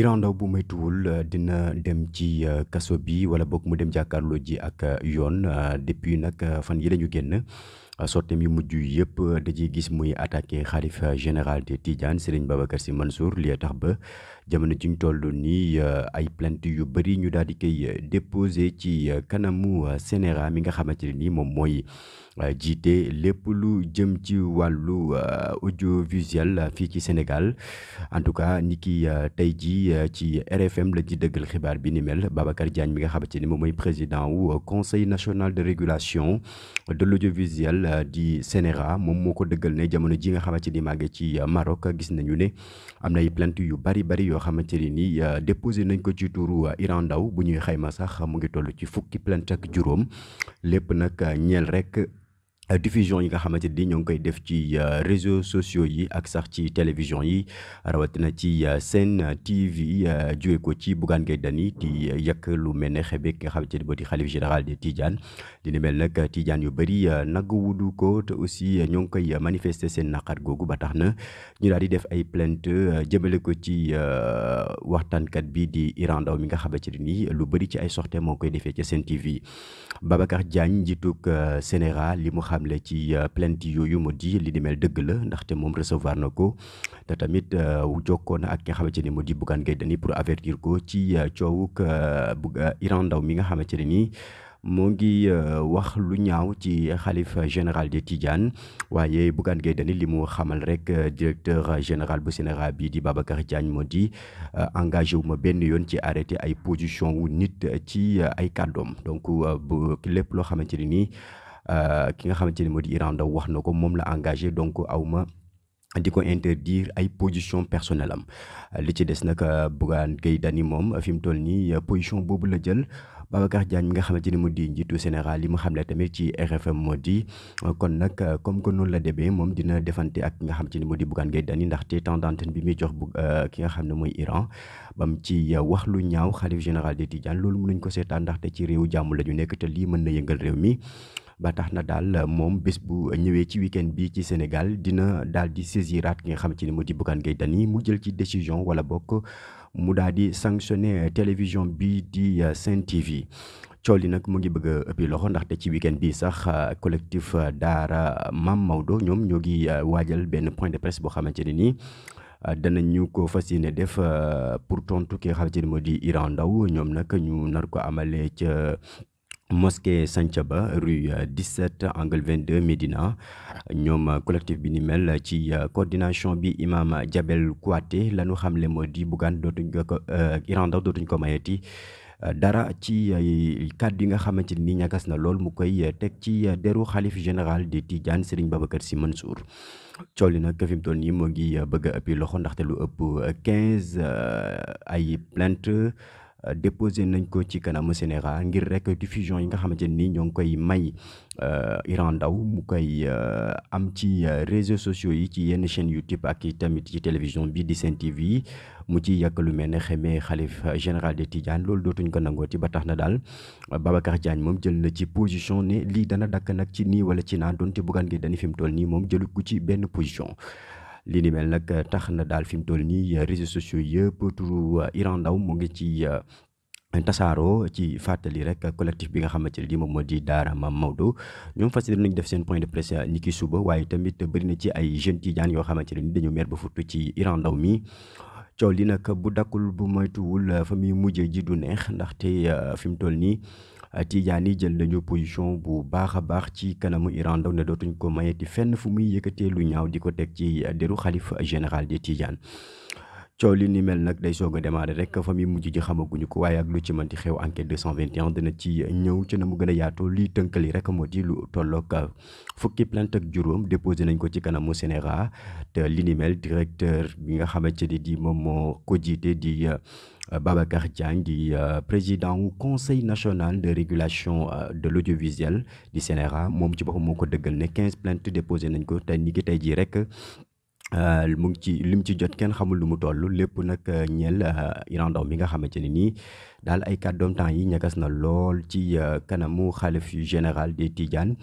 Iran Ndao bu moytuwul euh, dina dem ci euh, kaso bi wala boog mu dem jàkkaarloo ji ak euh, yoon depuis nag fan yi la génn Euh, sortem yu mujj yëpp euh, da gis muy attaqué xalifa général de Tidiane Serigne Babacar Sy Mansour li tax ba jamono ji ñu toll nii euh, ay plainte yu bëri ñu daal di koy déposé ci kanamu CNRA mi nga xamante ne nii moom mooy jiite lépp lu jëm ci wàllu audiovisuel fii ci Sénégal en tout cas ni ki tey ji ci RFM la ci dëggal xibaar bi ni mel Babacar Diagne mi nga xamante ni moom mooy président wu conseil national de régulation de l'audiovisuel Euh, di CNRA moom moo ko dëggal ne jamono ji nga xamante ni maa ngi ci euh, Maroc gis nañu ne am na ay plant yu bari bari yoo xamante ne ni euh, déposé nañ ko ci tuuru Iran Ndaw bu ñuy xayma sax mu ngi toll ci fukki plainte ak juróom lépp nag ñeel rek. diffusion yi nga xamante ni ñoo ngi koy def ci euh, réseaux sociaux yi ak sax ci télévision yi rawatina ci euh, seen TV euh, jóge ko ci Bougane Gueye Dany di yàq lu mel ne xebeeg nga xamante ni boo di xalif général de Tidiane li ni mel nag Tidiane yu bëri nag wudu ko te aussi ñoo ngi koy manifester seen naqar googu ba tax na ñu daal di def ay plainte jëmale ko ci waxtaankat bii di Iran Ndaw mi nga xamante nii lu bëri ci ay sorties moo koy defee ci seen TV Babacar Diagne njiitug Sénégal li xamle ci euh, plainte yooyu mu di li di mel dëgg la ndaxte moom recevoir na ko te tamit euh, jokkoo na ak ki nga xamante ni mu di Bougane Gueye Dany pour avertir ko ci euh, coowuk Iran Ndaw mi nga xamante ne nii moo ngi wax lu ñaaw ci xalifa général de Tidiane waaye Bougane Gueye Dany li mu xamal rek directeur général bu sénéral bii di Babacar Diagne moo di engagé wu ma benn yoon ci arrêté ay position wu nit ci ay kàddoom donc bu lépp loo xamante ni nii Euh, ki nga xamante ni moo di Iran wax na ko moom la engagé donc aw ma di ko interdire ay position personnelle am li ci des nag euh, Bougane Gueye Dany moom euh, fi mu toll nii position boobu la jël Babacar Diagne mi nga xamante ni mu di njiitu Sénégal li mu xamle tamit ci RFM moo di kon nag comme que noonu la demee moom dina defante ak ki nga xamante ni mu di Bougane Gueye Dany ndaxte temps d'antenne bi muy jox bu ki nga xam ne mooy Iran bam ci wax lu ñaaw xalif général des Tidianes loolu mënuñ ko seetaan ndaxte ci réewu jàmm la ñu nekk te lii mën na yëngal réew mii ba tax na daal moom bés bu ñëwee ci week-end ci Sénégal dina daal di saisiraat ki nga xam ci ne moo di Bougane Gueye Dany mu jël ci décision wala bokk mu daal di sanctionné télévision bi di Sen TV cool yi nag mu ngi bëgg a ëppi loxo ndaxte ci week-end bi sax collectif Daara Mam Maodo ñoom ñoo ngi waajal benn point de presse boo xamante ne nii danañu ko fa fas ne def euh, pour tontu ki nga xamante ne moo di Iran Ndaw ñoom nag ñu nar ko amalee ca mosquée Santhiaba rue 17 euh, angle 22 Médina ñoom euh, collectif bi ni mel ci euh, coordination bi imam Jabel Kouaté la ñu xamle moo di Bougane dootuñ ko Iran Ndao dootuñ ko mayeti dara ci kàddu yi nga xamante ni ñagas na lool mu koy teg ci deru xalif général di Tidiane Serigne Babacar Sy Mansour coow li nag fi mu toll nii moo ngi bëgg a ëppi loxo ndaxte lu ëpp 15 ay plainte Euh, déposé nañ ko ci kanamu Sénégal ngir rek diffusion yi nga xamante ni ñoo ngi koy may euh, Iran Ndaw mu koy euh, am ci réseaux sociaux yi ci yenn chaîne YouTube ak i tamit ci télévision bi di Sen TV mu ci yàq lu mel ne xamee xalif général de Tidiane loolu dootuñ ko nangooti ba tax na daal Babacar Diagne moom jël na ci position ne lii dana dakk nag ci nii wala ci naa doonte buggaan gi dañu fi mu toll nii moom jëlu ko ci benn position li ni mel nag euh, tax na daal fi mu toll nii euh, réseaux sociaux yëpp turu euh, Iran Ndao mu ngi ci. tasaaroo ci fàttali rek collectif bi nga xamante ne lii moom moo di Daara Maam Maodo ñoom fas yéene nañu def seen point de presse ni ki suba waaye tamit bëri na ci ay jeunes Tidiane yoo xamante ne ni dañu mer ba futt ci Iran Ndao mi coow li nag bu dakkul bu moytuwul euh, fa muy mujjee ji du neex ndaxte euh, fi mu toll nii euh, Tijaan yi jël nañu position bu baax a baax ci kanamu Iran ndaw ne dootuñ ko mayeti fenn fu muy yëkkatee lu ñaaw di ko teg ci déru xalif général de Tijaan coow li ni mel nag day soog a démarrer rek fa muy mujj ji xamaguñu ko waaye ak lu ci mënti xew enquête 221 dina ci ñëw ci na mu gën a yaatoo liy tënkali rek moo di lu tolloog euh, fukki plainte ak juróom déposé nañ ko ci kanamu CNRA te li directeur bi nga xamante ni di moom moo ko jiite di euh, Babacar Diagne di euh, président wu conseil national de régulation de l'audiovisuel di CNRA moom ci boppam moo ko dëggal ne 15 plaintes déposé nañ ko te ni ki tey jii rek. Euh, mu ngi ci lim ci jot kenn xamul lu mu toll lépp nag euh, ñeel euh, Iran Ndao mi nga xamante ne nii daal ay kàddoom temps yi ñagas na lool ci kanamu xalif général des Tidianes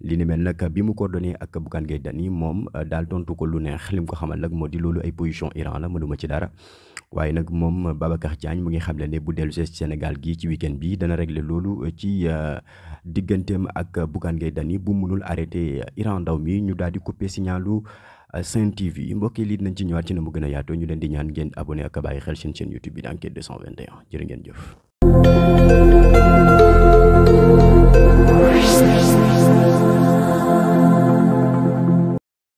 li ne mel nag bi mu ko donné ak Bougane Gueye Dany moom daal tontu ko lu neex lim ko xamal nag moo di loolu ay position Iran la mënuma ci dara waaye nag moom Babacar Diagne mu ngi xamle ne bu dellu see Sénégal gii ci week-end dana régler loolu ci digganteem ak Bougane Gueye Dany arrêté Iran Ndao ñu daal di coupé signalu Euh, Sen TV mbokk yi lii dinañ ci ñëwaat ci na mu gën a yaatoo ñu leen di ñaan ngeen abonné ak bàyyi xel seen chaîne YouTube bi d'enquête 221 jëf